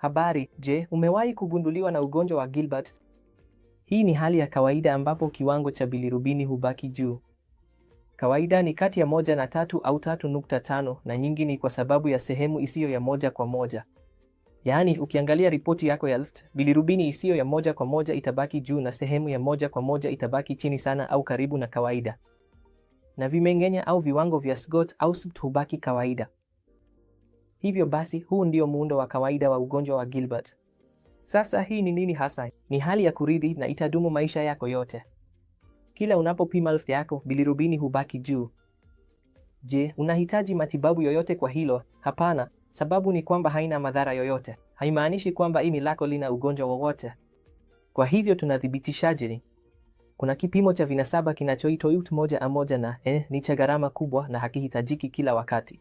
Habari, je, umewahi kugunduliwa na ugonjwa wa Gilbert? Hii ni hali ya kawaida ambapo kiwango cha bilirubini hubaki juu. Kawaida ni kati ya moja na tatu au tatu nukta tano na nyingi ni kwa sababu ya sehemu isiyo ya moja kwa moja. Yaani, ukiangalia ripoti yako ya LFT, bilirubini isiyo ya moja kwa moja itabaki juu na sehemu ya moja kwa moja itabaki chini sana au karibu na kawaida, na vimeng'enya au viwango vya SGOT au SGPT hubaki kawaida. Hivyo basi, huu ndio muundo wa kawaida wa ugonjwa wa Gilbert. Sasa hii ni nini hasa? Ni hali ya kurithi na itadumu maisha yako yote. Kila unapopima LFT yako, bilirubini hubaki juu. Je, unahitaji matibabu yoyote kwa hilo? Hapana, sababu ni kwamba haina madhara yoyote. Haimaanishi kwamba ini lako lina ugonjwa wowote. Kwa hivyo tunathibitishaje? Kuna kipimo cha vinasaba kinachoitwa UPT moja A moja na eh, ni cha gharama kubwa na hakihitajiki kila wakati.